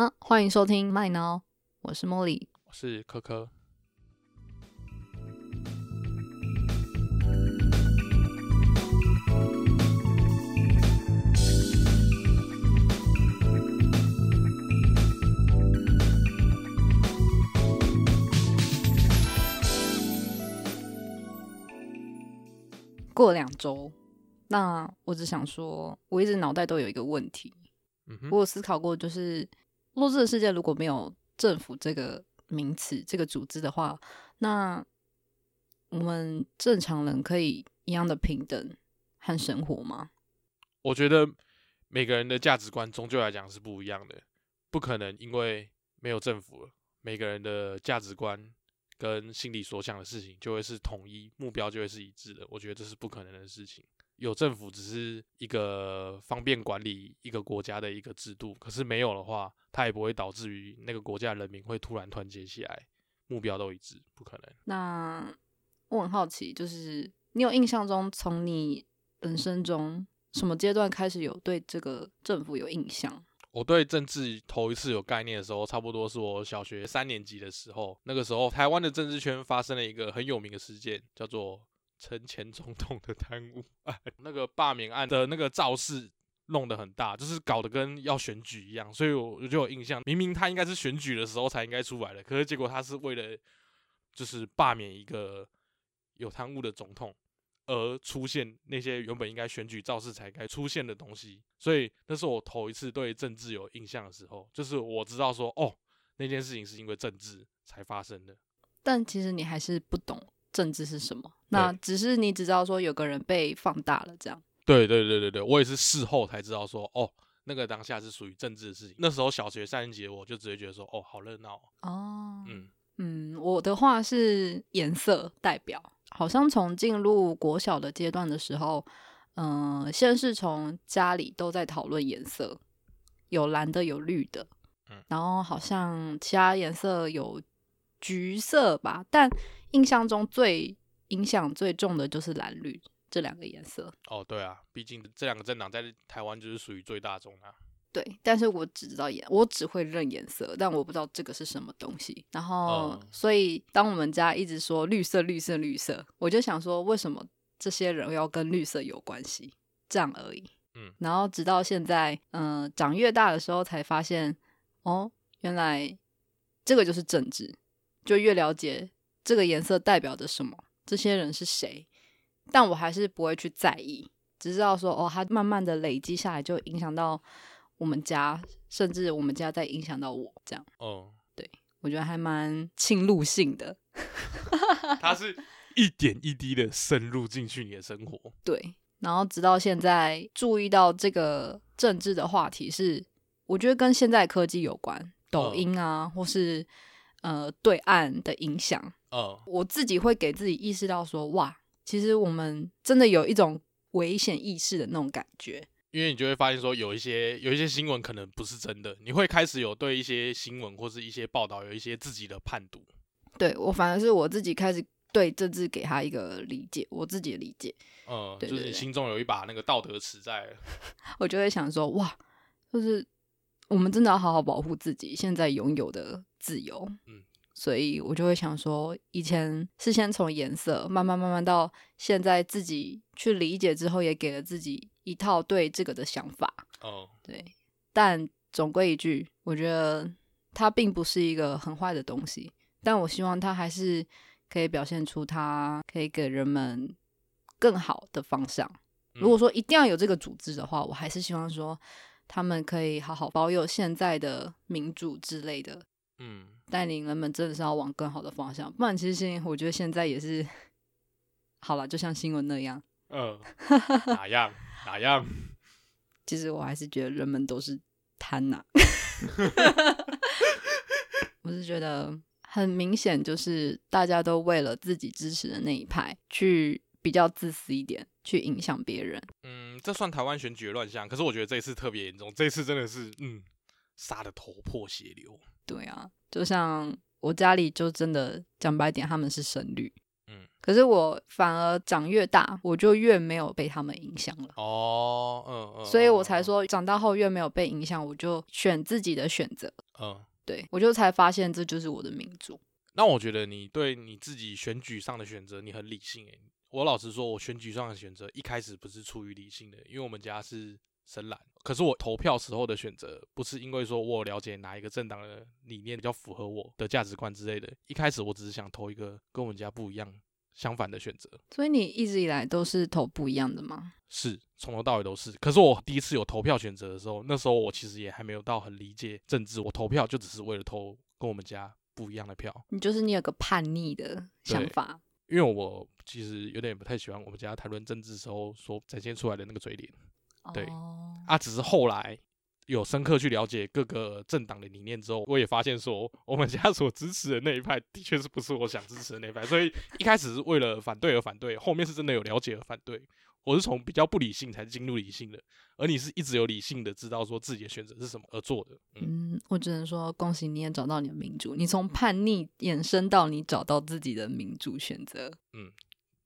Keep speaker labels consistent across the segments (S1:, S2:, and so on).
S1: 啊，歡迎收聽麥鬧，哦，我是莫莉，
S2: 我是柯柯。
S1: 過兩週，那我只想說，我一直腦袋都有一個問題，嗯、我有思考過，就是。末日世界如果沒有政府這個名詞、這個組織的話，那我們正常人可以一樣的平等和生活嗎？
S2: 我覺得每個人的價值觀終究來講是不一樣的，不可能因為沒有政府了每個人的價值觀跟心裡所想的事情就會是統一，目標就會是一致的。我覺得這是不可能的事情。有政府只是一個方便管理一個國家的一個制度，可是沒有的話，它也不會導致於那個國家的人民會突然團結起來，目標都一致，不可能。
S1: 那我很好奇，就是你有印象中從你人生中什麼階段開始有對這個政府有印象？
S2: 我對政治頭一次有概念的時候，差不多是我小學三年級的時候。那個時候，台灣的政治圈發生了一個很有名的事件，叫做。陳前總統的貪污案，那個罷免案的那個造勢弄得很大，就是搞得跟要選舉一樣，所以我就有印象，明明他應該是選舉的時候才應該出來的，可是結果他是為了就是罷免一個有貪污的總統而出現那些原本應該選舉造勢才該出現的東西，所以那是我頭一次對政治有印象的時候，就是我知道說哦，那件事情是因為政治才發生的，
S1: 但其實你還是不懂。政治是什麼？嗯，那只是你只知道說有個人被放大了這樣。
S2: 對對對對對，我也是事後才知道說哦，那個當下是屬於政治的事情。那時候小學三年級，我就直接覺得說哦，好熱鬧哦，哦。嗯
S1: 嗯，我的話是顏色代表，好像從進入國小的階段的時候，嗯、呃，先是從家裡都在討論顏色，有藍的，有綠的，嗯，然後好像其他顏色有。橘色吧，但印象中最影響最重的就是藍綠這兩個顏色。
S2: 哦，對啊，畢竟這兩個政黨在台灣就是屬於最大眾的、
S1: 啊。對，但是我只知道顏，我只會認顏色，但我不知道這個是什麼東西。然後，嗯、所以當我們家一直說綠色、綠色、綠色，我就想說，為什麼這些人要跟綠色有關係？這樣而已。嗯。然後直到現在，嗯、呃，長越大的時候才發現，哦，原來這個就是政治。就越了解這個顏色代表着什麼，這些人是誰，但我還是不會去在意，只知道說哦，它慢慢的累積下來就影響到我們家，甚至我們家在影響到我這樣。哦，對我覺得還蠻侵入性的，
S2: 它是一點一滴的滲入進去你的生活。
S1: 對，然後直到現在注意到這個政治的話題是，我覺得跟現在科技有關，抖音啊，哦、或是。呃，對岸的影響。嗯，我自己會給自己意識到說，哇，其實我們真的有一種危險意識的那種感覺，
S2: 因為你就會發現說，有一些有一些新聞可能不是真的，你會開始有對一些新聞或是一些報道有一些自己的判讀。
S1: 對，我反而是我自己開始對政治給他一個理解，我自己的理解。嗯，
S2: 對對對，就是你心中有一把那個道德尺在，
S1: 我就會想說，哇，就是。我們真的要好好保護自己現在擁有的自由，嗯，所以我就會想說，以前是先從顏色，慢慢慢慢到現在自己去理解之後，也給了自己一套對這個的想法，哦，對，但總歸一句，我覺得它並不是一個很壞的東西，但我希望它還是可以表現出它可以給人們更好的方向。嗯，如果說一定要有這個組織的話，我還是希望說。他們可以好好保有現在的民主之類的，嗯，帶領人們真的是要往更好的方向。不然，其實我覺得現在也是好了，就像新聞那樣，
S2: 嗯、呃， 哪樣
S1: 哪樣？其實我還是覺得人們都是貪吶、啊、 我是覺得很明顯，就是大家都為了自己支持的那一派去。比較自私一點去影響別人，嗯，
S2: 這算台灣選舉亂象。可是我覺得這一次特別嚴重，這一次真的是，嗯，殺得頭破血流。
S1: 對啊，就像我家裡就真的講白點，他們是神綠，嗯，可是我反而長越大，我就越沒有被他們影響了。哦，嗯、呃、嗯、呃，所以我才說、呃、長大後越沒有被影響，我就選自己的選擇。嗯、呃，對，我就才發現這就是我的民族。
S2: 那我覺得你對你自己選舉上的選擇，你很理性誒、欸。我老實說，我選舉上的選擇一開始不是出於理性的，因為我們家是深藍。可是我投票時候的選擇，不是因為說我了解哪一個政黨的理念比較符合我的價值觀之類的。一開始我只是想投一個跟我們家不一樣、相反的選擇。
S1: 所以你一直以來都是投不一樣的嗎？
S2: 是，從頭到尾都是。可是我第一次有投票選擇的時候，那時候我其實也還沒有到很理解政治。我投票就只是為了投跟我們家不一樣的票。
S1: 你就是你有個叛逆的
S2: 想法。因為我其實有點不太喜歡我們家談論政治時候所展現出來的那個嘴臉，oh. 對，啊，只是後來有深刻去了解各個政黨的理念之後，我也發現說我們家所支持的那一派的確是不是我想支持的那一派。 所以一開始是為了反對而反對，後面是真的有了解而反對。我是從比較不理性才進入理性的，而你是一直有理性的，知道說自己的選擇是什麼而做的，嗯。
S1: 嗯，我只能說恭喜你也找到你的民主。你從叛逆延伸到你找到自己的民主選擇。嗯，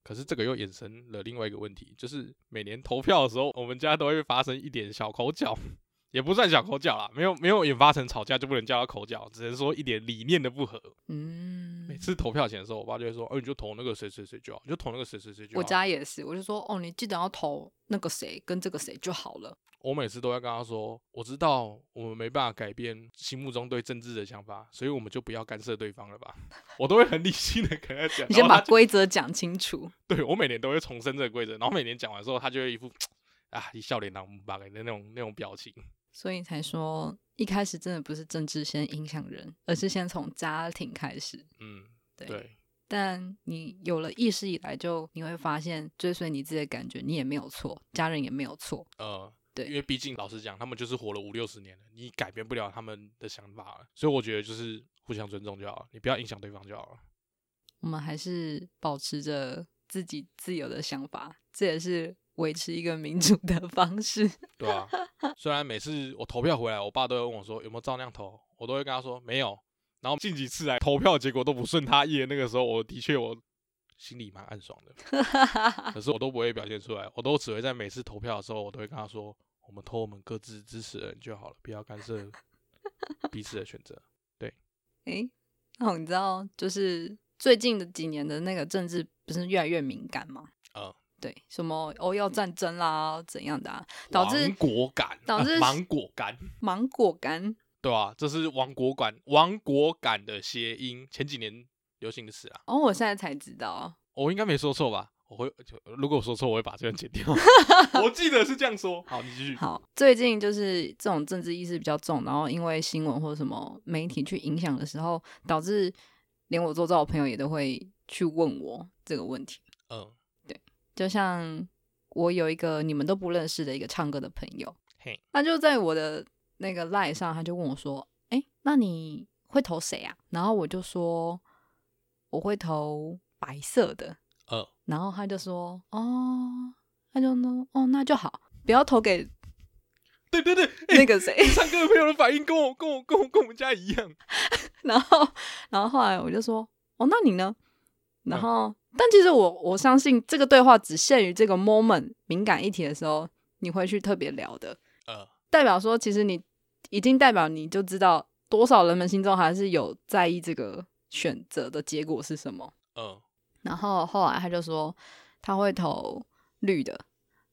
S2: 可是這個又衍生了另外一個問題，就是每年投票的時候，我們家都會發生一點小口角。也不算小口角啦，沒有沒有引發成吵架就不能叫他口角，只能說一點理念的不合。嗯，每次投票前的時候，我爸就會說：“哦、欸，你就投那個誰誰誰就好，你就投那個誰誰誰就好。”我家
S1: 也是，我就說：“哦，你記得要投那個誰跟這個誰就好了。”
S2: 我每次都要跟他說：“我知道我們沒辦法改變心目中對政治的想法，所以我們就不要干涉對方了吧？” 我都會很理性的跟他講。你先把規
S1: 則講清楚。
S2: 對，我每年都會重申這個規則，然後每年講完之後，他就會一副啊，一笑臉當木板的那種那種表情。
S1: 所以才說，一開始真的不是政治先影響人，而是先從家庭開始。嗯，對。對。但你有了意識以來，就你會發現，追隨你自己的感覺，你也沒有錯，家人也沒有錯。
S2: 呃，對，因為畢竟老實講，他們就是活了五六十年了，你改變不了他們的想法了，所以我覺得就是互相尊重就好了，你不要影響對方就好了。
S1: 我們還是保持着自己自由的想法，這也是。維持一個民主的方式，對啊，
S2: 雖然每次我投票回來，我爸都會問我說有沒有照那樣投，我都會跟他說沒有。然後近幾次來投票，結果都不順他意。那個時候，我的確我心裡蠻暗爽的，可是我都不會表現出來，我都只會在每次投票的時候，我都會跟他說：我們投我們各自支持的人就好了，不要干涉彼此的選擇。對，
S1: 哎、欸哦，你知道，就是最近的幾年的那個政治不是越來越敏感嗎？嗯、呃。對，什麼歐亞、哦、戰爭啦，怎樣的、啊、導致，芒
S2: 果乾導致芒果乾，
S1: 芒果乾
S2: 對啊，這是“亡國感”“啊啊、亡，國亡國感”的諧音，前幾年流行的詞啊。
S1: 哦，我現在才知道
S2: 啊、哦。我應該沒說錯吧？我會如果我說錯，我會把這個剪掉。
S1: 我記得是這樣說。
S2: 好，你繼續。好，
S1: 最近就是這種政治意識比較重，然後因為新聞或什麼媒體去影響的時候，導致連我做造的朋友也都會去問我這個問題。嗯。就像我有一個你們都不認識的一個唱歌的朋友，嘿、hey.，那就在我的那個 line 上，他就問我說：“哎、欸，那你會投誰啊？”然後我就說：“我會投白色的。Oh. ”然後他就說：“哦，他就呢，哦，那就好，不要投給對對對那個誰唱歌的朋友的反應跟，跟我跟我跟
S2: 我跟我們家一樣。
S1: ”然後，然後後來我就說：“哦，那你呢？”然後。Oh. 但其實我我相信這個對話只限於這個 moment 敏感議題的時候，你會去特別聊的。嗯、uh.。代表說其實你已經代表你就知道多少人們心中還是有在意這個選擇的結果是什麼。嗯、uh.，然後後來他就說他會投綠的，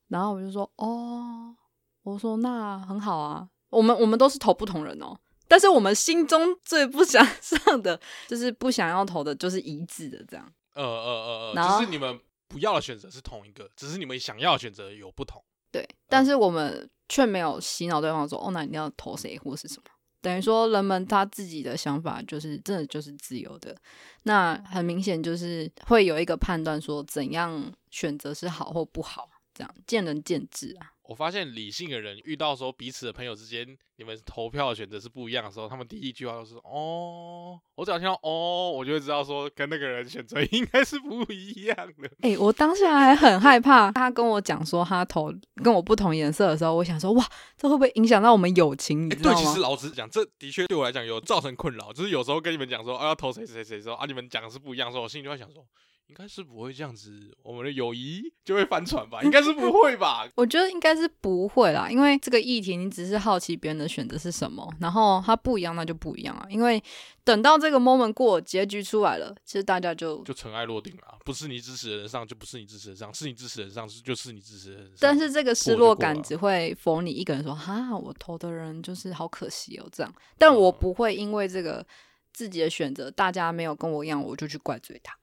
S1: 然後我就說哦，我說那很好啊，我們我們都是投不同人哦，但是我們心中最不想上的就是不想要投的，就是一致的這樣。
S2: 呃呃呃呃，呃呃就是你們不要的選擇是同一個，只是你們想要的選擇有不同。
S1: 對，呃、但是我們卻沒有洗腦對方說：“哦，那你要投誰或是什麼？”等於說，人們他自己的想法就是真的就是自由的。那很明顯就是會有一個判斷說，怎樣選擇是好或不好，這樣見仁見智啊。
S2: 我發現理性的人遇到說彼此的朋友之間，你們投票的選擇是不一樣的時候，他們第一句話就是哦，我只要聽到哦，我就會知道說跟那個人選擇應該是不一樣的。哎、欸，我
S1: 當時還很害怕他跟我講說他投跟我不同顏色的時候，我想說哇，這會不會影響到我們友情，欸？對，其實
S2: 老實講，這的確對我來講有造成困擾，就是有時候跟你們講說啊要投誰誰誰，說啊你們講的是不一樣的時候，說我心裡就會想說。應該是不會這樣子，我們的友誼就會翻船吧？應該是不會吧？
S1: 我覺得應該是不會啦，因為這個議題你只是好奇別人的選擇是什麼，然後它不一樣，那就不一樣啊。因為等到這個 moment 過，結局出來了，其實大家就
S2: 就塵埃落定了，不是你支持的人上，就不是你支持的人上，是你支持的人上，是就是你支持的人上。但是這個失落感
S1: 只會否你一個人說，哈、嗯，我投的人就是好可惜哦，這樣。但我不會因為這個自己的選擇，大家沒有跟我一樣，我就去怪罪他。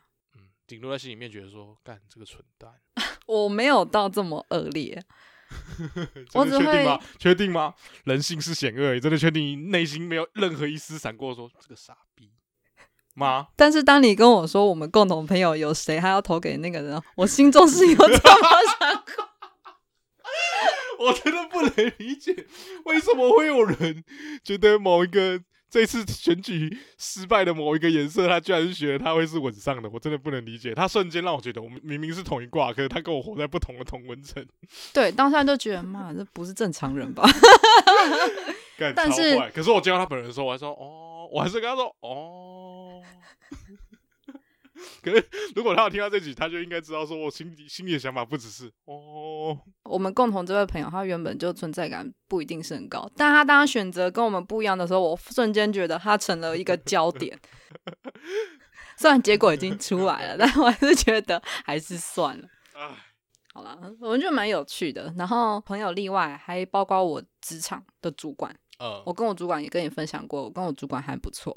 S2: 頂多在心裡面覺得說，幹這個蠢蛋。
S1: 我沒有到這麼惡劣。
S2: 真的確定嗎？確定嗎？人性是險惡，也真的確定你內心沒有任何一絲閃過說這個傻逼嗎？
S1: 但是當你跟我說我們共同朋友有誰還要投給那個人，我心中是有這麼閃過。 我真的不能理解，為什麼會有人覺得某一個
S2: 這次選舉失敗的某一個顏色，他居然是覺得他會是穩上的，我真的不能理解。他瞬間讓我覺得，我們明明是同一掛，可是他跟我活在不同的同溫層。
S1: 對，當下就覺得，媽， 這不是正常人吧？
S2: 但是，可是我見到他本人的時候，我還說，哦，我還是跟他說：哦。 可是，如果他有聽到這句，他就應該知道，說我心底心裡的想法不只是
S1: 哦。我們共同這位朋友，他原本就存在感不一定是很高，但他當他選擇跟我們不一樣的時候，我瞬間覺得他成了一個焦點。 雖然結果已經出來了， 但我還是覺得還是算了。好了，我們就蠻有趣的。然後朋友例外，還包括我職場的主管。嗯，我跟我主管也跟你分享過，我跟我主管還不錯。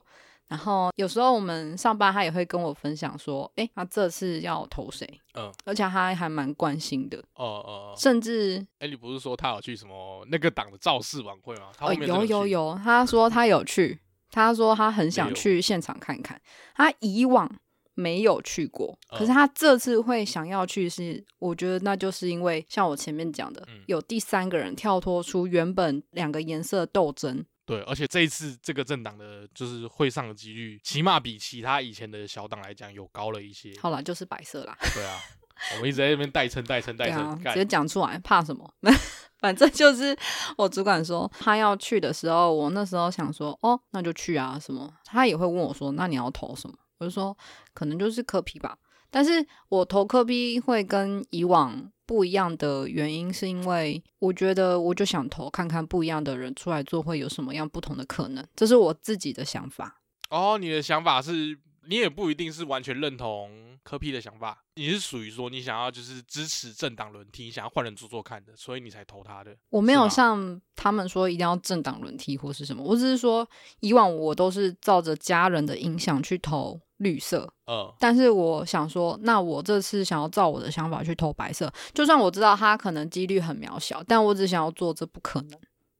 S1: 然後有時候我們上班，他也會跟我分享說，哎，他這次要投誰？嗯，而且他還蠻關心的。哦、
S2: 嗯、哦、嗯、甚至，哎，你不是說他有去什麼那個黨的造勢晚會嗎？哦，他有去，有有
S1: 有。他說他有去，他說他很想去現場看看，他以往沒有去過，可是他這次會想要去是，是我覺得那就是因為像我前面講的，嗯、有第三個人跳脫出原本兩個顏色鬥爭。
S2: 對，而且這一次這個政黨的就是會上的幾率，起碼比其他以前的小黨來講有高了一些。好啦，
S1: 就是白色啦。
S2: 對啊， 我們一直在那邊代稱、代稱、代稱。對啊，直接講
S1: 出來怕什麼？那 反正就是我主管說他要去的時候，我那時候想說哦，那就去啊什麼。他也會問我說，那你要投什麼？我就說可能就是柯 P 吧。但是我投柯 P 會跟以往。不一樣的原因是因為我覺得我就想投看看不一樣的人出來做會有什麼樣不同的可能，這是我自己的想法。
S2: 哦，你的想法是，你也不一定是完全認同柯 P 的想法，你是屬於說你想要就是支持政黨輪替，想要換人做做看的，所以你才
S1: 投他的。我沒有像他們說一定要政黨輪替或是什麼，我只是說以往我都是照着家人的影響去投，綠色，嗯，但是我想說，那我這次想要照我的想法去投白色，就算我知道他可能幾率很渺小，但我只想要做這不可能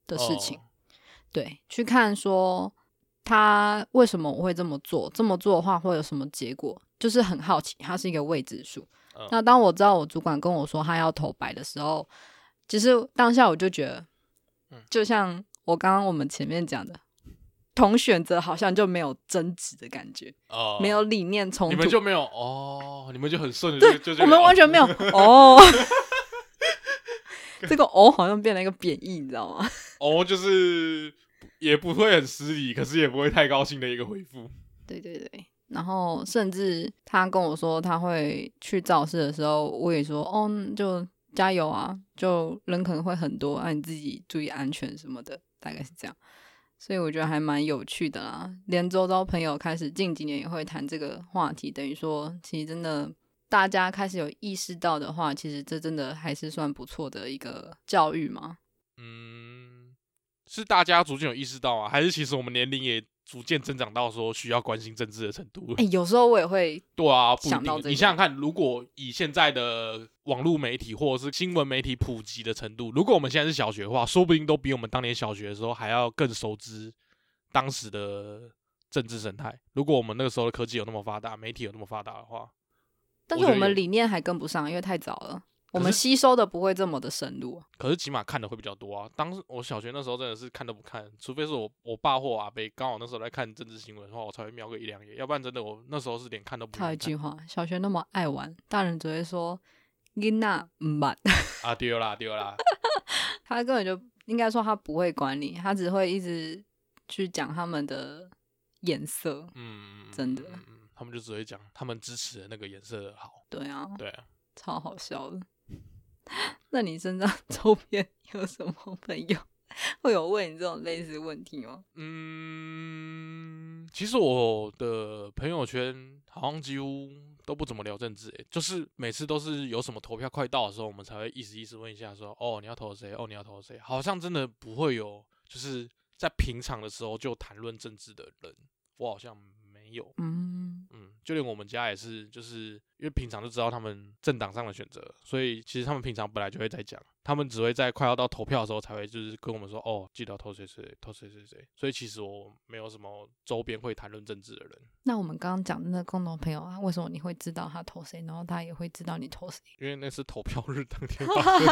S1: 的事情，oh. 對，去看說他為什麼我會這麼做，這麼做的話會有什麼結果，就是很好奇，它是一個未知數。Oh. 那當我知道我主管跟我說他要投白的時候，其實當下我就覺得，就像我剛剛我們前面講的。從選擇好像就沒有爭執的感覺哦，uh, 沒有理念衝突，你們就
S2: 沒有哦，oh, 你們就很順利。對就就，我們完全沒有哦。Oh.
S1: 這個“哦”好像變成了一個貶義，你知道嗎？
S2: 哦、oh，就是也不會很失禮，可是也不會太高興的一個回復。
S1: 對對對，然後甚至他跟我說他會去造勢的時候，我也說哦，oh, 就加油啊，就人可能會很多，那、啊、你自己注意安全什麼的，大概是這樣。所以我覺得還蠻有趣的啦，連周遭朋友開始近幾年也會談這個話題，等於說其實真的大家開始有意識到的話，其實這真的還是算不錯的一個教育嘛。嗯，
S2: 是大家逐漸有意識到啊，還是其實我們年齡也？逐漸增長到說需要關心政治的程度、欸。有時候
S1: 我也會對啊，想到這個。你想
S2: 想看，如果以現在的網絡媒體或者是新聞媒體普及的程度，如果我們現在是小學的話，說不定都比我們當年小學的時候還要更熟知當時的政治生態。如果我們那個時候的科技有那麼發達，媒體有那麼發達的話，
S1: 但是我們理念還跟不上，因為太早了。我們吸收的不會這麼的深入、啊，
S2: 可是起碼看的會比較多啊。當時我小學那時候真的是看都不看，除非是我我爸或我阿伯剛好那時候在看政治新聞的話，我才會瞄個一兩眼。要不然真的我那時候是連看都不看。他一句
S1: 話，小學那麼愛玩，大人只會說你那慢
S2: 啊丟啦丟啦。對啦
S1: 他根本就應該說他不會管你，他只會一直去講他們的顏色。嗯，
S2: 真的，嗯嗯、他們就只會講他們支持的那個顏色
S1: 好。對啊，對啊，超好笑的。那你身上周邊有什麼朋友會有問你這種類似問題嗎？嗯，
S2: 其實我的朋友圈好像幾乎都不怎麼聊政治、欸，誒，就是每次都是有什麼投票快到的時候，我們才會意思意思問一下說，哦，你要投誰？哦，你要投誰？好像真的不會有，就是在平常的時候就談論政治的人，我好像。有，嗯嗯，就連我們家也是，就是因為平常就知道他們政黨上的選擇，所以其實他們平常本來就會在講，他們只會在快要到投票的時候才會就是跟我們說，哦，記得投誰誰投誰誰誰。所以其實我沒有什麼周邊會談論政治的人。
S1: 那我們剛剛講的那共同朋友啊，為什麼你會知道他投誰，然後他也會知道你投誰？
S2: 因為那是投票日當天發生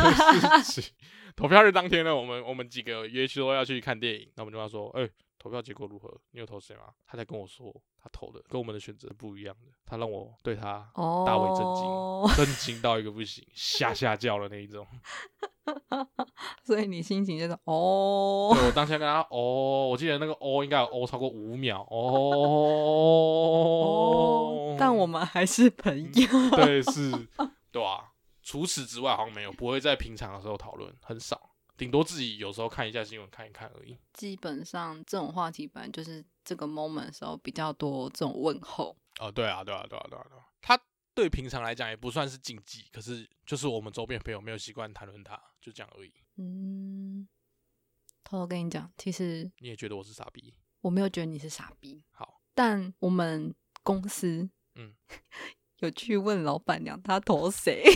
S2: 的事情。 投票日當天呢，我們我們幾個約說要去看電影，那我們就要說，哎、欸。投票結果如何？你有投誰嗎？他在跟我說，他投的跟我們的選擇不一樣的，他讓我對他大為震驚，哦，震驚到一個不行，嚇 嚇叫的那一種。
S1: 所以你心情就是哦，對，我
S2: 當下跟他哦，我記得那個哦應該有哦超過五秒哦，哦，
S1: 但我們還是朋友， 對
S2: 是，對啊，除此之外好像沒有，不會在平常的時候討論，很少。頂多自己有時候看一下新聞看一看而已。
S1: 基本上這種話題，本來就是這個 moment 的時候比較多這種問候。
S2: 哦，對啊，對啊，對啊，對啊，對啊。
S1: 他對
S2: 平常來講也不算是禁忌，可是就是我們周邊朋友沒有習慣談論他，就這樣而已。嗯。
S1: 偷偷跟你講，其實
S2: 你也覺得我是傻逼，
S1: 我沒有覺得你是傻逼。好，但我們公司嗯 有去問老闆娘，她投誰？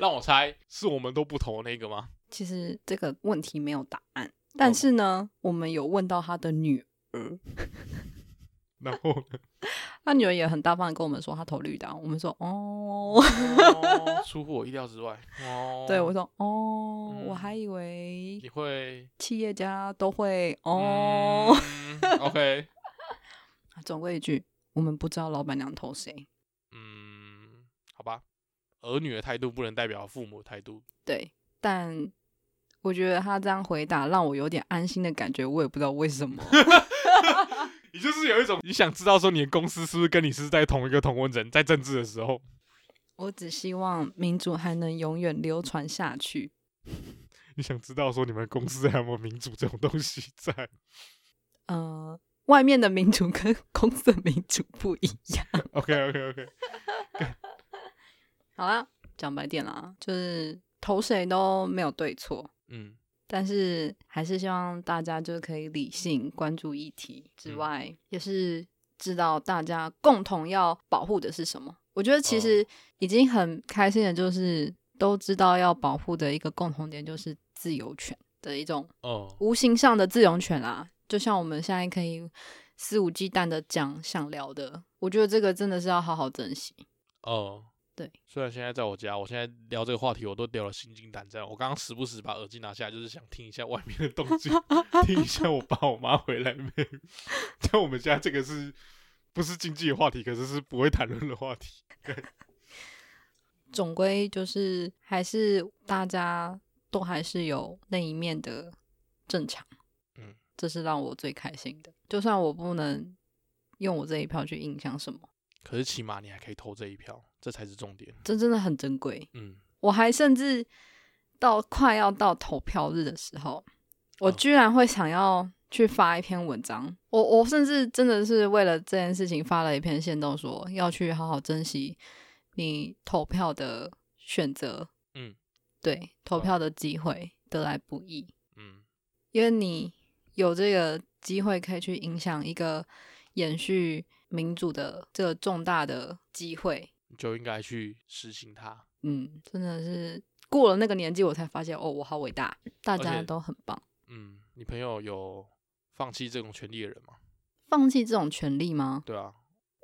S2: 讓我猜，是我們都不投的那個嗎？
S1: 其實這個問題沒有答案，但是呢，oh. 我們有問到他的女
S2: 兒，然
S1: 後、no. 他女兒也很大方的跟我們說他投綠黨、啊。我們說哦， oh,
S2: 出乎我意料之外哦。Oh. 對，我說
S1: 哦，我還以為你會企業家都會，會哦、 嗯。OK，總歸一句，我們不知道老闆娘投誰。
S2: 兒女的態度不能代表父母的態度。
S1: 對，但我覺得他這樣回答讓我有點安心的感覺，我也不知道為什麼。
S2: 你就是有一種你想知道說你的公司是不是跟你是在同一個同溫層，在政治的時候。
S1: 我只希望民主還能永遠流傳下去。
S2: 你想知道說你們公司還有沒有民主這種東西在？
S1: 呃，外面的民主跟公司的民主不一樣。 OK，OK，OK、okay, okay, okay.。好啦，講白點啦，就是投誰都沒有對錯，嗯，但是還是希望大家就是可以理性關注議題之外，嗯，也是知道大家共同要保護的是什麼。我覺得其實已經很開心的，就是都知道要保護的一個共同點，就是自由權的一種，哦，無形上的自由權啦，啊哦。就像我們現在可以肆無忌憚的講想聊的，我覺得這個真的是要好好珍惜
S2: 哦。對，雖然現在在我家，我現在聊這個話題，我都聊的心驚膽戰。我剛剛時不時把耳機拿下來，就是想聽一下外面的
S1: 動靜， 聽一下我爸我
S2: 媽回來沒。在 我們家，這個是不是禁忌的話題？可是是不會談論的話題，對。
S1: 總歸就是，還是大家都還是有那一面的正常。嗯，這是讓我最開心的。就算我不能用我這一票去影響什麼。
S2: 可是起碼你還可以投這一票，這才是重點。
S1: 這真的很珍貴。嗯，我還甚至到快要到投票日的時候，哦、我居然會想要去發一篇文章。我我甚至真的是為了這件事情發了一篇限動說要去好好珍惜你投票的選擇。嗯，對，投票的機會得來不易。嗯、哦，因為你有這個機會可以去影響一個延續。民主的這個、重大的機會，
S2: 你就應該去實行它。
S1: 嗯，真的是過了那個年紀，我才發現，哦，我好偉大，大家都很棒。
S2: Okay. 嗯，你朋友有放棄這種權利的人嗎？
S1: 放棄這種權利嗎？對啊，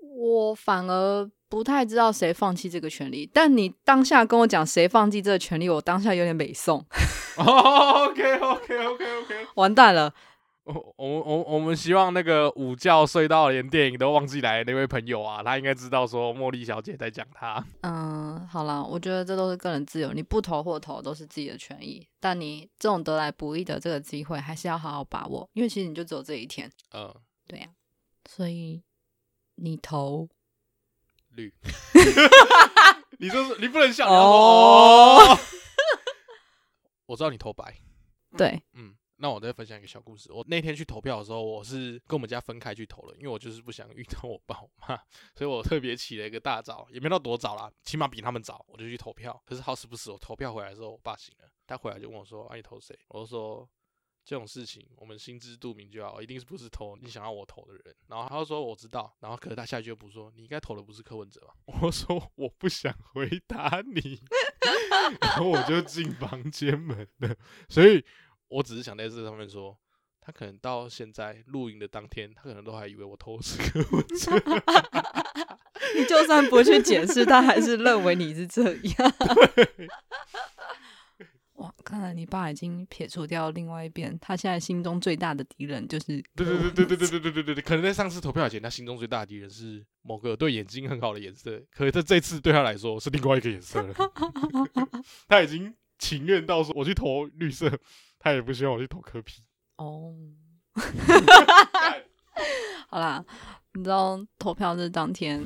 S1: 我反而不太知道誰放棄這個權利。但你當下跟我講誰放棄這個權利，我當下有點美送
S2: oh,
S1: OK OK OK OK，完蛋了。
S2: 我、我、我、我們希望那個午覺睡到連電影都忘記來的那位朋友啊，他應該知道說茉莉小姐在講他。
S1: 嗯，好了，我覺得這都是個人自由，你不投或投都是自己的權益，但你這種得來不易的這個機會，還是要好好把握，因為其實你就只有這一天。嗯，對呀、啊，所以你投綠， 你就是你不能笑
S2: 哦， 我知道你投白，對，嗯。那我再分享一個小故事。我那天去投票的時候，我是跟我們家分開去投了，因為我就是不想遇到我爸我媽，所以我特別起了一個大早，也沒到多早啦，起碼比他們早，我就去投票。可是好死不死，我投票回來的時候，我爸醒了，他回來就問我說、啊：“你投誰？”我就說：“這種事情我們心知肚明就好，一定是不是投你想要我投的人。”然後他就說：“我知道。”然後可是他下一句又不說：“你應該投的不是柯文哲吧？”我說：“我不想回答你。”然後我就進房間門了。所以。我只是想在這上面說，他可能到現在錄音的當天，他可能都還以為我偷吃。 你就算不去解釋，他還是認為你是這
S1: 樣。 哇，看來你爸已經撇除掉另外一邊，他現在心中最大的敵人就是……對對對
S2: 對對對對對對對，可能在上次投票前，他心中最大的敵人是某個對眼睛很好的顏色，可是這次對他來說是另外一個顏色了。 他已經情願到說，我去投綠色。他也不希望我去投柯 P 哦。Oh.
S1: Yeah . 好啦，你知道投票日當天，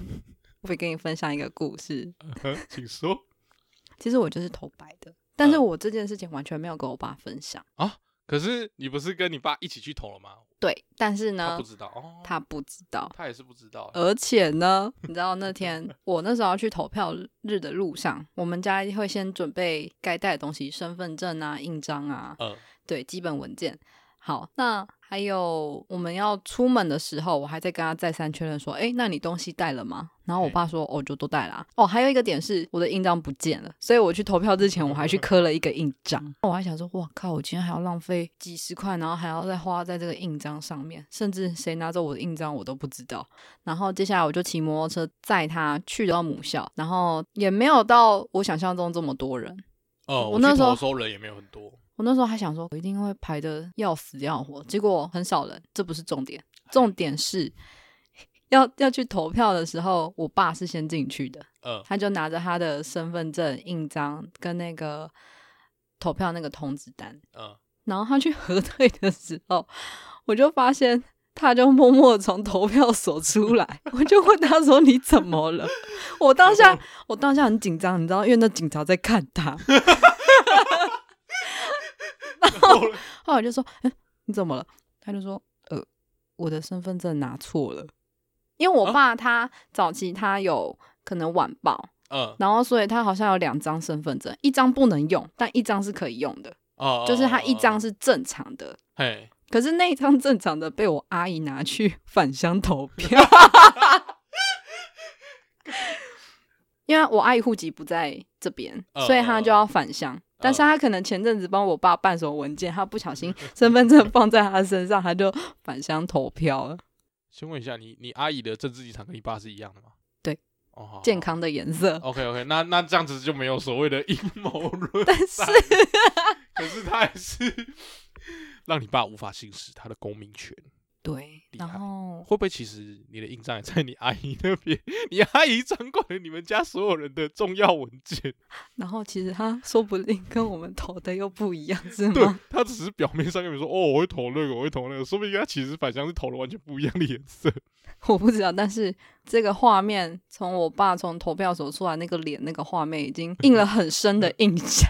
S1: 我會跟你分享一個故事。
S2: 請說。
S1: 其實我就是投白的，但是我這件事情完全沒有跟我爸分享、
S2: 嗯、啊。可是你不是跟你爸一起去投了嗎？對，但是呢，他不知道、哦，他不知道，他也是不知道。而
S1: 且呢，你知道那天 我那時候要去投票日的路上，我們家會先準備該帶的東西，身份證啊、，印章啊、嗯，對，基本文件。好，那還有我們要出門的時候，我還在跟他再三確認說，哎、欸，那你東西帶了嗎？然後我爸說，欸、哦，就都帶了、啊。哦，還有一個點是，我的印章不見了，所以我去投票之前，我還去刻了一個印章、嗯。我還想說，哇靠，我今天還要浪費幾十塊，然後還要再花在這個印章上面，甚至誰拿着我的印章我都不知道。然後接下來我就騎摩托車載他去到母校，然後也沒有到我想象中這麼多人。哦、嗯，我那時
S2: 候人也沒有很多。
S1: 我那時候還想說，我一定會排得要死要活、嗯，結果很少人。這不是重點，重點是要要去投票的時候，我爸是先進去的、嗯。他就拿着他的身份證、印章跟那個投票那個通知單、嗯。然後他去核對的時候，我就發現他就默默從投票所出來。 我就問他說：“你怎麼了？” 我當下我當下很緊張，你知道，因為那警察在看他。 然 後後來就說：“哎、欸，你怎麼了？”他就說：“呃，我的身份證拿錯了，因為我爸他早期他有可能晚報，嗯、啊，然後所以他好像有兩張身份證，一張不能用，但一張是可以用的，哦、啊，就是他一張是正常的，啊、可是那一張正常的被我阿姨拿去返鄉投票， 因為我阿姨戶籍不在這邊、啊，所以他就要返鄉。”但是他可能前陣子幫我爸辦什麼文件，呃、他不小心身份證放在他身上， 他就返鄉投票了。
S2: 先問一下，你你阿姨的政治立場跟你爸是一樣的嗎？
S1: 對，哦、好好好，健康的顏色。
S2: OK OK，那那這樣子就沒有所謂的陰謀論。
S1: 但是但，
S2: 可是他也是讓你爸無法行使他的公民權。
S1: 對，然
S2: 後會不會其實你的印章也在你阿姨那邊？你阿姨掌管了你們家所有人的重要文件。
S1: 然後其實他說不定跟我們投的又不一樣， 是嗎？對？他只
S2: 是表面上跟你說哦，我會投那個，我會投那個，說不定他其實反向是投了完全不一樣的顏色。
S1: 我不知道，但是。這個畫面，從我爸從投票所出來那個臉，那個畫面已經印了很深的印象。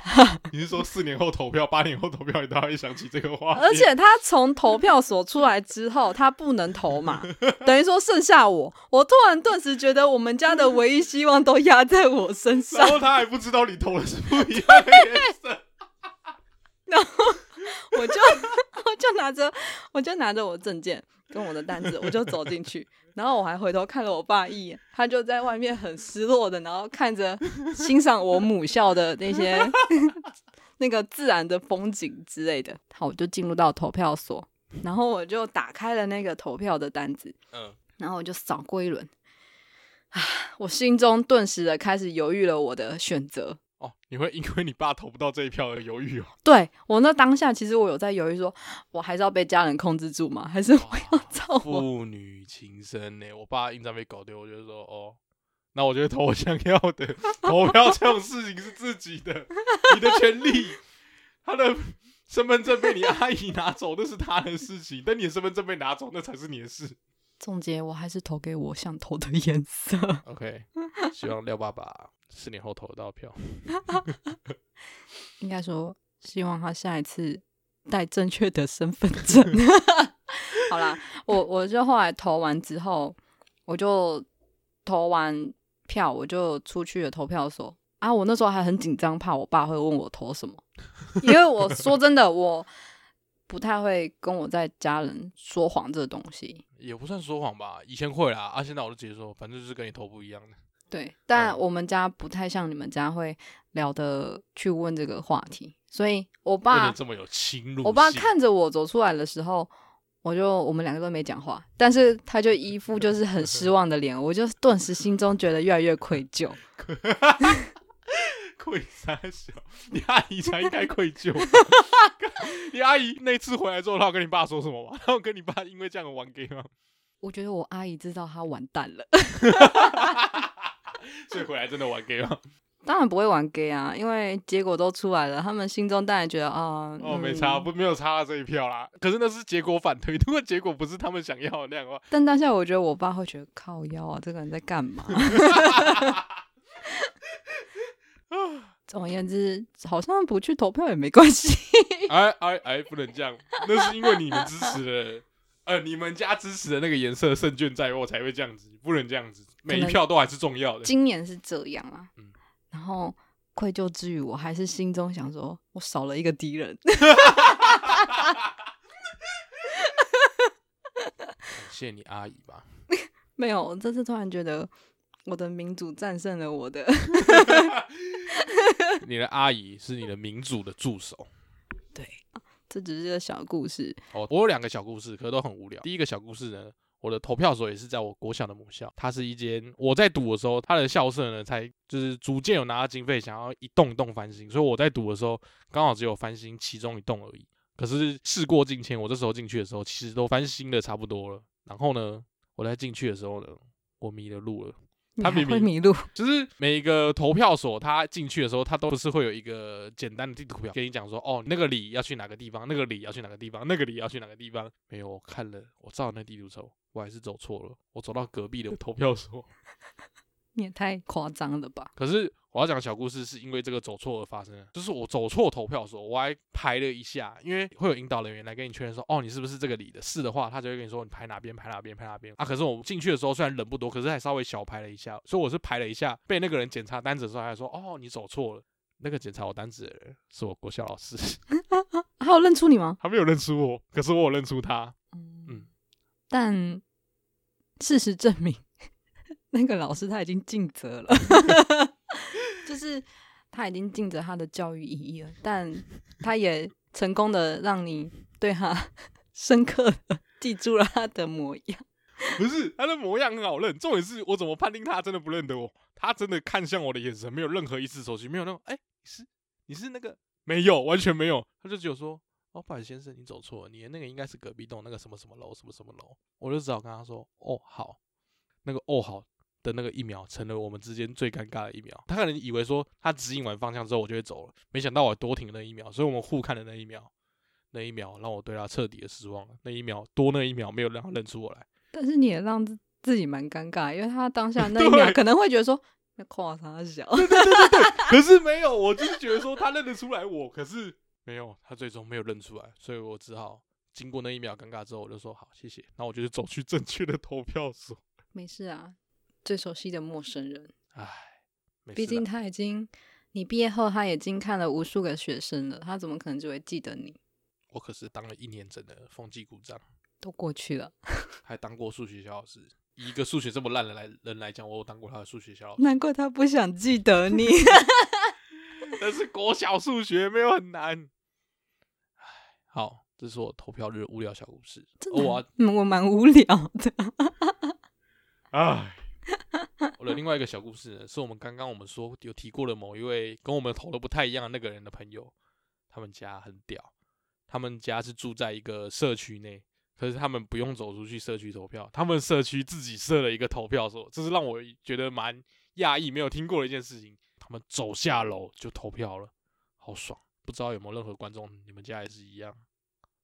S2: 你是說四年後投票，八年後投票，你都還會想起這個畫面？而且
S1: 他從投票所出來之後， 他不能投嘛，等於說剩下我。我突然頓時覺得，我們家的唯一希望都壓在我身上。 然後他還不知道你投的是不一樣的顏色 然後我就我就拿着我就拿着我證件跟我的單子，我就走進去。然後我還回頭看了我爸一眼，他就在外面很失落的，然後看着欣賞我母校的那些 那個自然的風景之類的。好，我就進入到投票所，然後我就打開了那個投票的單子，uh. 然後我就掃過一輪，啊，我心中頓時的開始猶豫了我的選擇。哦，
S2: 你會因為你爸投不到這一票而猶豫哦？
S1: 對我那當下，其實我有在猶豫說，說我還是要被家人控制住嗎？還是我要
S2: 照我、哦？父女情深呢？我爸印章被搞丟，我就說哦，那我就投我想要的。 投票這種事情是自己的， 你的權利。他的身份證被你阿姨拿走，那 是他的事情；但你的身份證被拿走，那才是你的事。
S1: 總結，我還是投給我想投的顏色。
S2: OK，希望廖爸爸。四年後投得到票 ，
S1: 應該說希望他下一次帶正確的身份證。 好啦，我我就後來投完之後，我就投完票，我就出去了投票所啊。我那時候還很緊張，怕我爸會問我投什麼，因為我說真的，我不太會跟我在家人說謊，這個東西
S2: 也不算說謊吧。以前會啦，啊，現在我就直接說，反正就是跟你投不一樣的。
S1: 對，但我們家不太像你們家會聊的去問這個話題，所以我爸我爸看着我走出來的時候，我就我們兩個都沒講話，但是他就一副就是很失望的臉， 我就頓時心中覺得越來越愧疚。
S2: 愧三小？你阿姨才應該愧疚。 你阿姨那次回來之後，她跟你爸說什麼嗎？她 跟你爸因為這樣玩 game
S1: 嗎？ 我覺得我阿姨知道她完蛋了。
S2: 所以回來真的玩 gay 嗎？當
S1: 然不會玩 gay 啊，因為結果都出來了，他們心中當然覺得啊、哦，哦，沒差，嗯、
S2: 不沒有差這一票啦。可是那是結果反推，如果結果不是他們想要的那樣的話，
S1: 但當下我覺得我爸會覺得靠腰啊，這個人在幹嘛？啊， 總而言之，好像不去投票也沒關係、
S2: 哎。哎哎哎，不能這樣，那是因為你們支持的，呃，你們家支持的那個顏色勝券在握，才會這樣子，不能這樣子。每一票都還是重要的。今
S1: 年是這樣啊、嗯，然後愧疚之餘，我還是心中想說，我少了一個敵人。 感
S2: 謝你阿姨吧。
S1: 沒有，我這次突然覺得我的民主戰勝了我的。
S2: 你的阿姨是你的民主的助手
S1: 對。對、啊，這只是一個小故事。
S2: 哦，我有兩個小故事，可都很無聊。第一個小故事呢，我的投票所也是在我國小的母校，它是一間我在讀的時候，它的校舍呢才就是逐漸有拿到經費，想要一棟一棟翻新。所以我在讀的時候，剛好只有翻新其中一棟而已。可是事過境遷，我這時候進去的時候，其實都翻新的差不多了。然後呢，我在進去的時候呢，我迷了路了。
S1: 他明明就
S2: 是每一個投票所，他進去的時候，他都不是會有一個簡單的地圖表，跟你講說，哦，那個里要去哪個地方，那個里要去哪個地方，那個里要去哪個地方。沒有，我看了，我照那地圖走，我還是走錯了，我走到隔壁的投票所。
S1: 也太誇張了吧！
S2: 可是我要講的小故事是因為這個走錯而發生的。就是我走錯投票的時候，我還排了一下，因為會有引導人員來跟你確認說：“哦，你是不是這個裡的？”是的話，他就會跟你說：“你排哪邊，排哪邊，排哪邊。”啊！可是我進去的時候雖然人不多，可是還稍微小排了一下，所以我是排了一下。被那個人檢查單子的時候還說：“哦，你走錯了。”那個檢查我單子的人是我國校老師、
S1: 啊啊啊，他有認出你嗎？他沒有認出我，可是我有認出
S2: 他。嗯，
S1: 但事實證明。那個老師他已經盡責了 就是他已經盡責他的教育意義了，但他也成功的讓你對他深刻的記住了他的模樣 。
S2: 不是他的模樣很好認，重點是我怎麼判定他真的不認得我？他真的看向我的眼神沒有任何一絲熟悉，沒有那種
S1: 哎，欸、你是你是那個，
S2: 沒有，完全沒有，他就只有說老闆先生，你走錯了，你的那個應該是隔壁棟那個什麼什麼樓什麼什麼樓。我就只好跟他說哦好，那個哦好。的那個一秒成了我們之間最尷尬的一秒。他可能以為說他指引完方向之後我就會走了，沒想到我還多停了那一秒，所以我們互看的那一秒，那一秒讓我對他徹底的失望了。那一秒多那一秒沒有讓他認出我來，
S1: 但是你也讓自己蠻尷尬，因為他當下那一秒可能會覺得說那誇他小，對對對對對。可是沒有，我就是覺得說他認得出來我，可是
S2: 沒有，他最終沒有認出來，所以我只好經過那一秒尷尬之後，我就說好謝謝，那我就走去正確的投票所。
S1: 沒事啊。最熟悉的陌生人，
S2: 哎，畢竟他
S1: 已經，你畢業後他已經看了無數個學生了，他怎麼可能就會記得你？
S2: 我可是當了一年整的風紀股長
S1: 都過去了，
S2: 還當過數學小老師，以一個數學這麼爛的來人來講，我有當過他的數學小老師，難
S1: 怪他不想記得你。
S2: 但是國小數學沒有很難，哎，好，這是我投票日的無聊小故事，哦、我、啊嗯、
S1: 我蠻無聊的，
S2: 唉。我的另外一個小故事呢，嗯、是我們剛剛我們說有提過的某一位跟我們投都不太一樣的那個人的朋友，他們家很屌，他們家是住在一個社區內，可是他們不用走出去社區投票，他們社區自己設了一個投票所，這是讓我覺得蠻訝異沒有聽過的一件事情。他們走下樓就投票了，好爽！不知道有沒有任何觀眾，你們家也是一樣？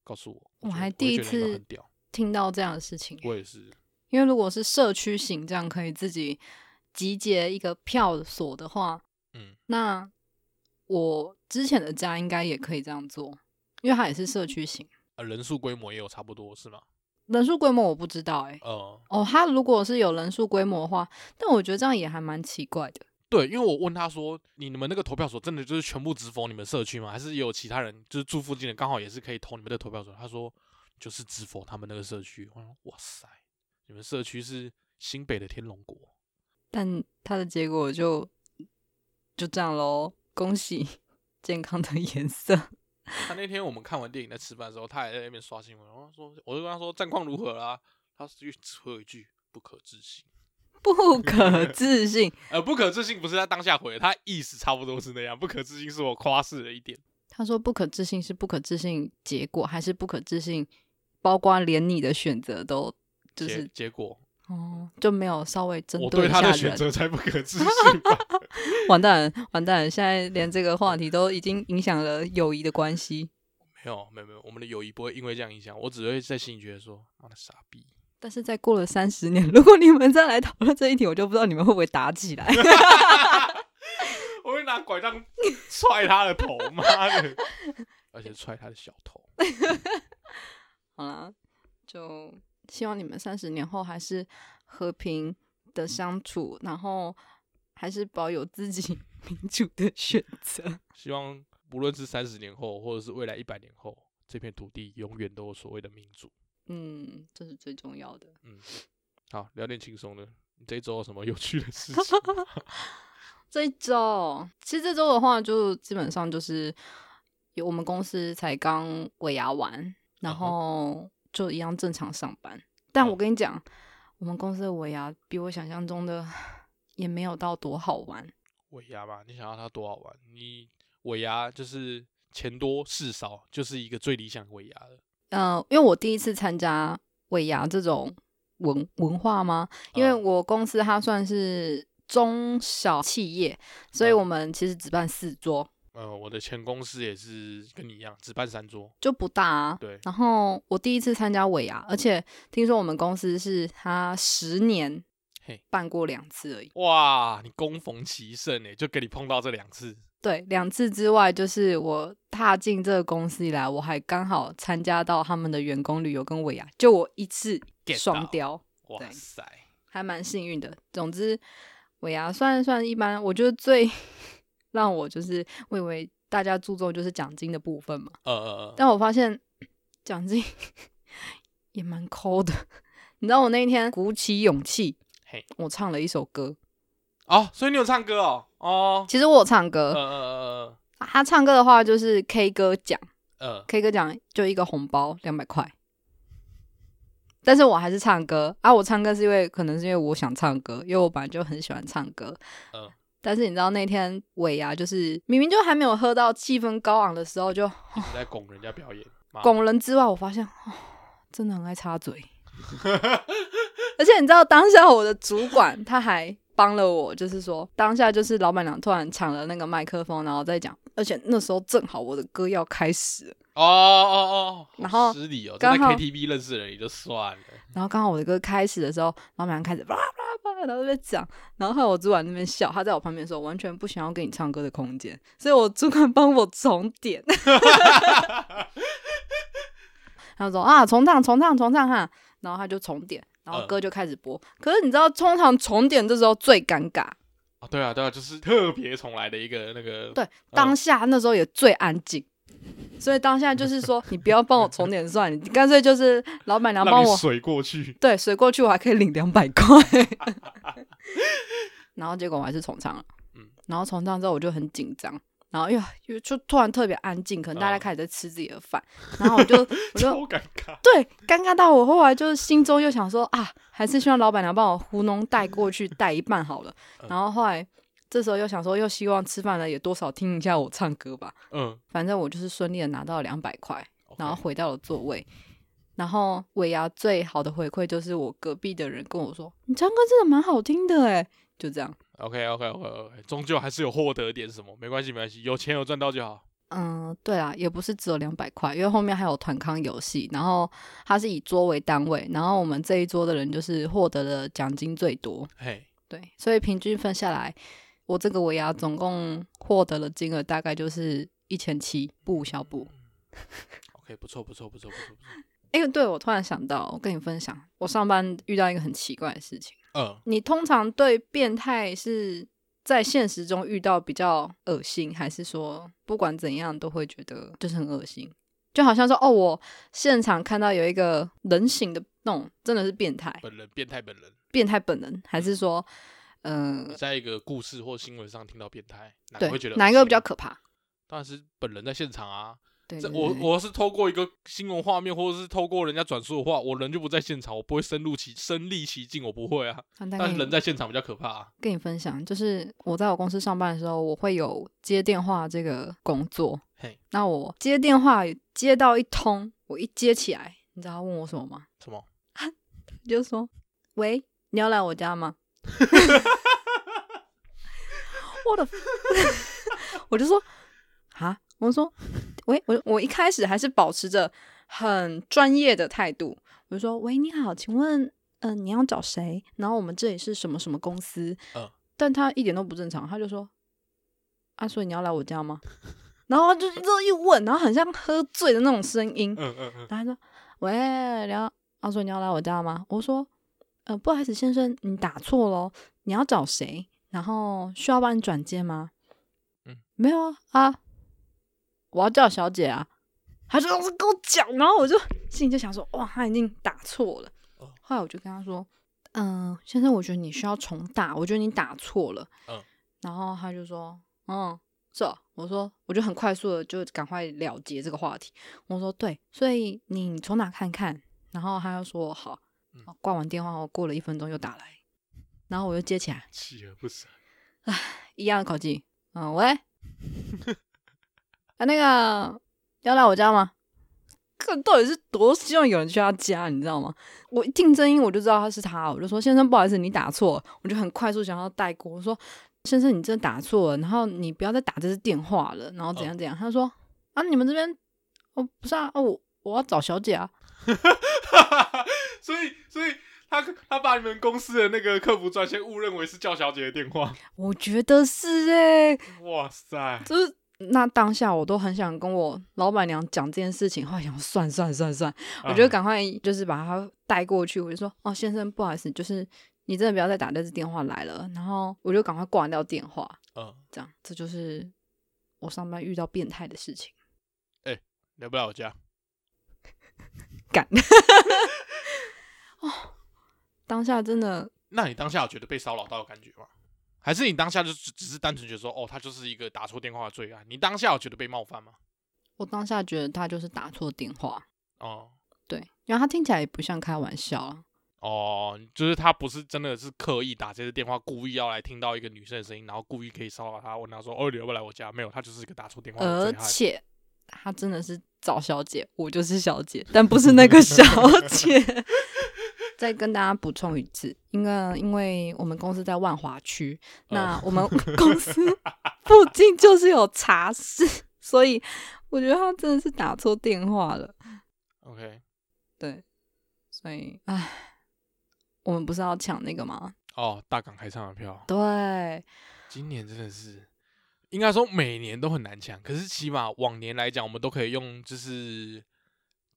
S2: 告訴我，
S1: 我還第一次聽到這樣的事情。欸，我也是。因為如果是社區型，這樣可以自己集結一個票所的話，嗯，那我之前的家應該也可以這樣做，因為它也是社區型
S2: 啊，人數規模也有差不多，是嗎？
S1: 人數規模我不知道、欸，哎、呃，哦，哦，他如果是有人數規模的話，但我覺得這樣也還蠻奇怪的。
S2: 對，因為我問他說：“你們那個投票所真的就是全部直封你們社區嗎？還是有其他人就是住附近的剛好也是可以投你們的投票所？”他說：“就是直封他們那個社區。”我說：“哇塞。”你們社區是新北的天龍國，
S1: 但他的結果就就這樣嘍。恭喜健康的顏色。
S2: 他那天我們看完電影在吃飯的時候，他還在那邊刷新聞，然後說：“我就跟他說戰況如何啦、啊？”他就只有一句：“不可置信，
S1: 不可置信。 ”
S2: 呃，不可置信不是他當下回，他意思差不多是那樣。不可置信是我誇飾了一點。
S1: 他說：“不可置信是不可置信結果，還是不可置信包括連你的選擇都？”就是結，結果哦、嗯，就沒有稍微針對一下人。我對他的選擇才不可置信吧 完了？完蛋，完蛋！現在連這個話題都已經影響了友誼的關係。 沒
S2: 有，沒有，沒有，我們的友誼不會因為這樣影響。我只會在心裡覺得說：“媽的，傻逼！”
S1: 但是再過了三十年，如果你們再來討論這一題，我就不知道你們會不會打起來。 我會拿拐杖踹他的頭，媽
S2: 的！ 而且踹他的小
S1: 頭。 好了，就。希望你們三十年後還是和平的相處、嗯，然後還是保有自己民主的選擇。
S2: 希望不論是三十年後，或者是未來一百年後，這片土地永遠都有所謂的民主。嗯，
S1: 這是最重要的。
S2: 嗯，好，聊點輕鬆的。你這一周有什麼有趣的事
S1: 情？ 這一周，其實這周的話，就基本上就是有我們公司才剛尾牙完，然後、嗯。就一樣正常上班，但我跟你講、哦，我們公司的尾牙比我想象中的也沒有到多好玩。
S2: 尾牙吧，你想要它多好玩？你尾牙就是錢多事少，就是一個最理想尾牙的。嗯、
S1: 呃，因為我第一次參加尾牙這種文文化嗎？因為我公司它算是中小企業，哦、所以我們其實只辦四桌。
S2: 呃，我的前公司也是跟你一樣，只辦三桌，就
S1: 不大啊。對，然後我第一次參加尾牙，而且聽說我們公司是他十年，辦過兩次而
S2: 已。哇，你恭逢其盛就給你碰到這兩次。
S1: 對，兩次之外，就是我踏進這個公司以來，我還剛好參加到他們的員工旅遊跟尾牙，就我一次雙雕。哇塞，還蠻幸運的。總之，尾牙算算一般，我覺得最。 讓我就是我以為大家注重就是獎金的部分嘛，呃、但我發現獎金呵呵也蠻摳的。你知道我那一天鼓起勇氣，Hey. 我唱了一首歌，哦、oh,，
S2: 所以你有唱歌哦，哦、oh.，
S1: 其實我有唱歌、呃啊，他唱歌的話就是 K 歌獎、呃、，K 歌獎就一個紅包兩百塊，但是我還是唱歌啊，我唱歌是因為可能是因為我想唱歌，因為我本來就很喜歡唱歌，呃但是你知道那天尾牙、啊、就是明明就還沒有喝到氣氛高昂的時候就，就一
S2: 直在拱人家表演、哦、拱人之外，我發現、
S1: 哦、真的很愛插嘴， 而且你知道當下我的主管他還。幫了我，就是說當下就是老闆娘突然搶了那個麥克風，然後在講，而且那時候正好我的歌要開始哦
S2: 哦哦，然後失禮哦，在 KTV 認識人也就算了，
S1: 然後剛好我的歌開始的時候，老闆娘開始叭叭叭，然後在講，然後我主管那邊笑，他在我旁邊說，完全不想要給你唱歌的空間，所以我主管幫我重點 他說啊重唱重唱重唱哈，啊、然後他就重點。然後歌就開始播、嗯，可是你知道，通常重點這時候最尷尬
S2: 啊！對啊，對啊，就是特別重來的一個那個。對、
S1: 嗯，當下那時候也最安靜，所以當下就是說， 你不要幫我重點算， 你乾脆就是老闆娘幫我你水過去，對，水過去我還可以領兩百塊。 然後結果我還是重唱了，嗯，然後重唱之後我就很緊張。然後又又就突然特別安靜，可能大家開始在吃自己的飯。嗯、然後我就 尷尬我就對尷尬到我後來就是心中又想說啊，還是希望老闆娘幫我糊弄帶過去帶一半好了。嗯、然後後來這時候又想說，又希望吃飯的也多少聽一下我唱歌吧。嗯，反正我就是順利的拿到了兩百塊、嗯，然後回到了座位。Okay. 然後尾牙最好的回饋就是我隔壁的人跟我說：“你唱歌真的蠻好聽的，哎。”就這樣。
S2: OK，OK，OK，OK，okay, okay, okay, okay. 終究還是有獲得點什麼，沒關係，沒關係，有錢有賺到就好。嗯，
S1: 對啊，也不是只有兩百塊，因為後面還有團康遊戲，然後他是以桌為單位，然後我們這一桌的人就是獲得的獎金最多。嘿，對，所以平均分下來，我這個尾牙總共獲得的金額大概就是一千七，不小不。
S2: OK，不錯，不錯，不錯，不錯，不
S1: 錯。哎、欸，對，我突然想到，我跟你分享，我上班遇到一個很奇怪的事情。嗯，你通常對變態是在現實中遇到比較噁心，還是說不管怎樣都會覺得就是很噁心？就好像說哦，我現場看到有一個人形的那種，真的是變態，本人變態本人，變態本人，還是說嗯，呃，
S2: 在一個故事或新聞上聽到變態，你會覺得哪一個比較可怕？當然是本人在現場啊。
S1: 對對對對，我我是
S2: 透過一個新聞畫面，或者是透過人家轉述的話，我人就不在現場，我不會深入其身歷其境，我不會啊。啊但，但是人在現場比較可怕啊。
S1: 跟你分享，就是我在我公司上班的時候，我會有接電話這個工作。那我接電話接到一通，我一接起來，你知道他問我什麼嗎？什麼？啊、就說喂，你要來我家嗎？ What the... 我的、啊，我就說啊，我說。喂，我我一開始還是保持着很專業的態度，我就說：“喂，你好，請問，嗯、呃，你要找誰？然後我們這裡是什麼什麼公司、嗯？”但他一點都不正常，他就說：“啊，說你要來我家嗎？”然後他就這一問，然後很像喝醉的那種聲音。嗯嗯嗯，然後他說：“喂，你要啊，所以你要來我家嗎？”我說：“呃，不好意思，先生，你打錯嘍，你要找誰？然後需要幫你轉接嗎？”嗯，沒有啊啊。我要叫小姐啊，他就老是跟我講，然後我就心裡就想說哇，他已經打錯了。Oh. 後來我就跟他說，嗯、呃，先生，我覺得你需要重打，我覺得你打錯了。Uh. 然後他就說，嗯，這、啊，我說我就很快速的就趕快了結這個話題。我說對，所以你從哪看看？然後他又說好。掛、嗯、完電話後，我過了一分鐘又打來，然後我又接起來，鍥而不舍，唉、啊，一樣的口氣。嗯、啊，喂。 啊、那個要來我家嗎？可到底是多希望有人去他家，你知道嗎？我一聽聲音我就知道他是他，我就說先生不好意思，你打錯了，我就很快速想要帶過，我說先生你這打錯了，然後你不要再打這支電話了，然後怎樣怎樣。啊、他說啊你們這邊哦不是啊，我我要找小姐啊，哈哈哈，所以
S2: 所以他他把你們公司的那個客服專線誤認為是叫小姐的電話，
S1: 我覺得是誒、欸，
S2: 哇塞，就是。
S1: 那當下我都很想跟我老闆娘講這件事情，後想算算算算，嗯、我覺得趕快就是把他帶過去，我就說哦先生，不好意思，就是你真的不要再打這支電話來了，然後我就趕快掛掉電話，嗯，這樣這就是我上班遇到變態的事情。
S2: 哎、欸，不來不了家，
S1: 幹？ 哦，當下真的，
S2: 那你當下有覺得被騷擾到的感覺嗎？還是你當下就只是單純覺得說，哦，他就是一個打錯電話的罪案。你當下有覺得被冒犯嗎？
S1: 我當下覺得他就是打錯電話。哦、嗯，對，然後他聽起來也不像開玩笑。
S2: 哦，就是他不是真的是刻意打這個電話，故意要來聽到一個女生的聲音，然後故意可以騷擾他。我然後說哦，你要不來我家？沒有，他就是一個打錯電話的罪案的，而且
S1: 他真的是找小姐，我就是小姐，但不是那個小姐。 再跟大家補充一次，因為因為我們公司在萬華區，oh. 那我們公司附近就是有茶室，所以我覺得他真的是打錯電話了。OK，對，所以哎，我們不是要搶那個嗎？
S2: 哦，oh，大港開唱的票。
S1: 對，
S2: 今年真的是應該說每年都很難搶，可是起碼往年來講，我們都可以用，就是。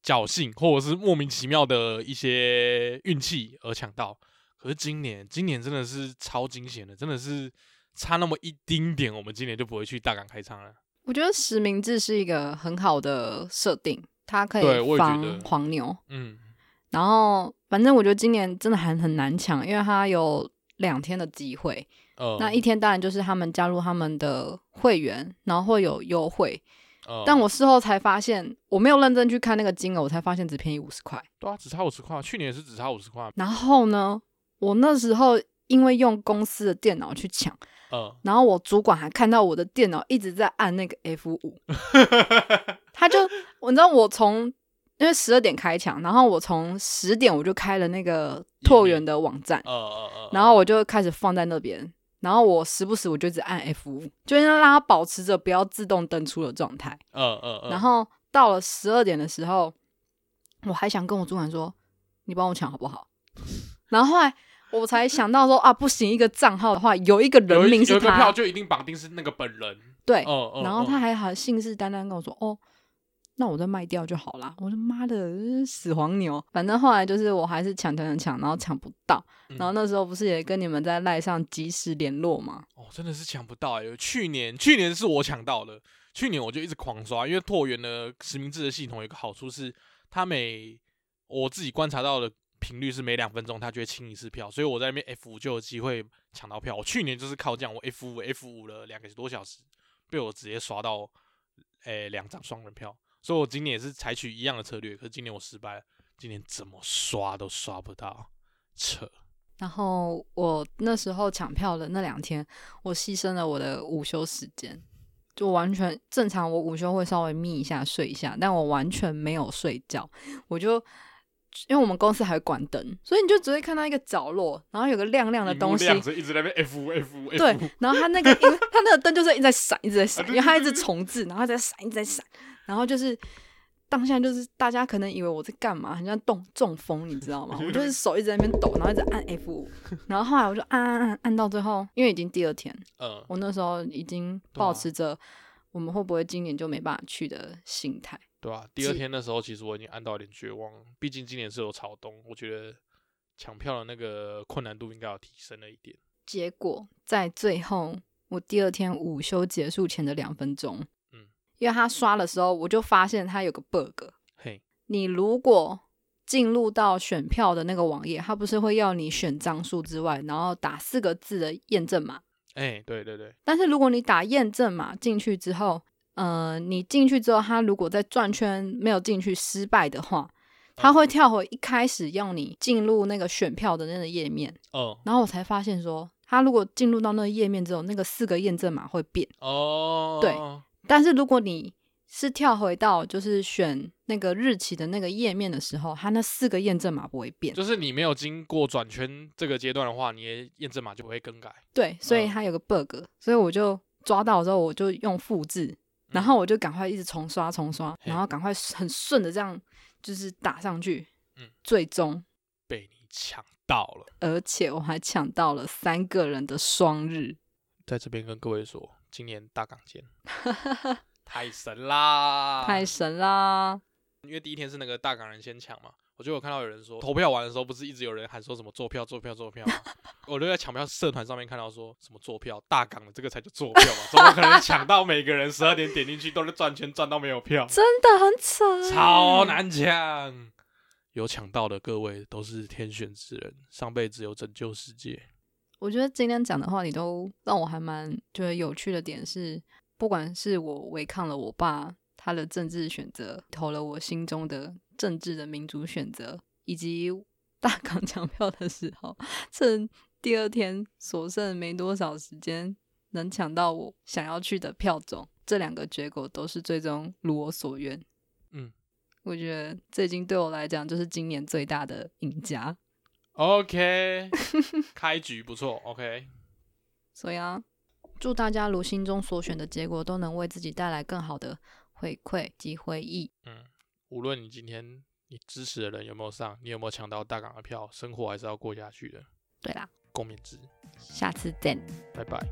S2: 僥倖或者是莫名其妙的一些運氣而搶到，可是今年今年真的是超驚險的，真的是差那麼一丁點，我們今年就不會去大港開唱了。
S1: 我覺得實名制是一個很好的設定，它可以防黃牛。嗯，然後反正我覺得今年真的很很難搶，因為它有兩天的機會、呃，那一天當然就是他們加入他們的會員，然後會有優惠。但我事後才發現，我沒有認真去看那個金額，我才發現只便宜五十塊。
S2: 對啊，只差五十塊，去年也是只差五
S1: 十塊。然後呢，我那時候因為用公司的電腦去搶，然後我主管還看到我的電腦一直在按那個 F 五，他就，你知道我從因為十二點開搶，然後我從十點我就開了那個拓元的網站，然後我就開始放在那邊。然後我時不時我就只按 F 五，就讓讓它保持着不要自動登出的狀態。哦哦哦、然後到了十二點的時候，我還想跟我主管說：“你幫我搶好不好？” 然後後來我才想到說：“ 啊，不行，一個賬號的話，有一個人名，是他的票就一
S2: 定綁定是那個本人。對”對、哦。然後他
S1: 還好，信誓旦旦跟我說：“哦。哦”哦那我再賣掉就好啦，我的媽的，死黃牛！反正後來就是我還是搶搶搶搶，然後搶不到、嗯。然後那時候不是也跟你們在賴上及時聯絡嗎？哦，真的是搶
S2: 不到、欸。去年去年是我搶到了。去年我就一直狂刷，因為拓元的實名制的系統有一個好處是，他每我自己觀察到的頻率是每兩分鐘他就會清一次票，所以我在那邊 F 五就有機會搶到票。我去年就是靠這樣，我 F 五 F 五了兩個多小時，被我直接刷到誒兩張雙人票。所以我今年也是採取一樣的策略，可是今年我失敗了。今年怎麼刷都刷不到，扯。
S1: 然後我那時候搶票的那兩天，我犧牲了我的午休時間，就完全正常。我午休會稍微眯一下睡一下，但我完全沒有睡覺。我就因為我們公司還管燈，所以你就只會看到一個角落，然後有個亮亮的東西，一直
S2: 在那邊 F5 F5 F5。對，
S1: 然後它那個， 它那個燈就是一直在閃，一直在閃， 因為它一直重置，然後它在閃，一直在閃。然後就是，當下就是大家可能以為我在幹嘛，好像中中風，你知道嗎？ 我就是手一直在那邊抖，然後一直按 F 五，然後後來我就按按、啊、按、啊、按到最後，因為已經第二天，嗯，我那時候已經抱持着我們會不會今年就沒辦法去的心態
S2: 對、啊。對啊，第二天那時候其實我已經按到有點絕望，畢竟今年是有草東，我覺得搶票的那個困難度應該有提升了一點。
S1: 結果在最後，我第二天午休結束前的兩分鐘。因為他刷的時候，我就發現他有個 bug。嘿，你如果進入到選票的那個網頁，他不是會要你選張數之外，然後打四個字的驗證碼？
S2: 哎，對對對。
S1: 但是如果你打驗證碼進去之後，呃，你進去之後，他如果在轉圈沒有進去失敗的話，他會跳回一開始要你進入那個選票的那個頁面。哦。然後我才發現說，他如果進入到那個頁面之後，那個四個驗證碼會變。
S2: 哦。對。
S1: 但是如果你是跳回到就是選那個日期的那個頁面的時候，它那四個驗證碼不會
S2: 變。就是你沒有經過轉圈這個階段的話，你的驗證碼就不會更改。
S1: 對，所以它有個 bug，嗯、所以我就抓到了之後，我就用複製，然後我就趕快一直重刷，重刷，嗯、然後趕快很順的這樣就是打上去。嗯。最終被你搶到了，而且我還搶到了三個人的雙日。
S2: 在這邊跟各位說。今年大港見， 太神啦！太
S1: 神啦！
S2: 因為第一天是那個大港人先搶嘛，我就有看到有人說投票完的時候，不是一直有人喊說什麼做票、做票、做票 我都在搶票社團上面看到說什麼做票，大港的這個才叫做票嘛， 怎麼可能搶到？每個人十二點點進去都在轉圈，轉到沒有票，真
S1: 的很慘，超難
S2: 搶。有搶到的各位都是天選之人，上輩子有拯救世界。
S1: 我覺得今天講的話，你都讓我還蠻覺得有趣的點是，不管是我違抗了我爸他的政治選擇，投了我心中的政治的民主選擇，以及大港搶票的時候，趁第二天所剩沒多少時間能搶到我想要去的票種，這兩個結果都是最終如我所願。嗯，我覺得這已經對我來講就是今年最大的贏家。
S2: OK， 開局不錯。OK，
S1: 所以啊，祝大家如心中所選的結果，都能為自己帶來更好的回饋及回憶。嗯，
S2: 無論你今天你支持的人有沒有上，你有沒有搶到大港的票，生活還是要過下去的。對啦，共勉之。
S1: 下次見，拜拜。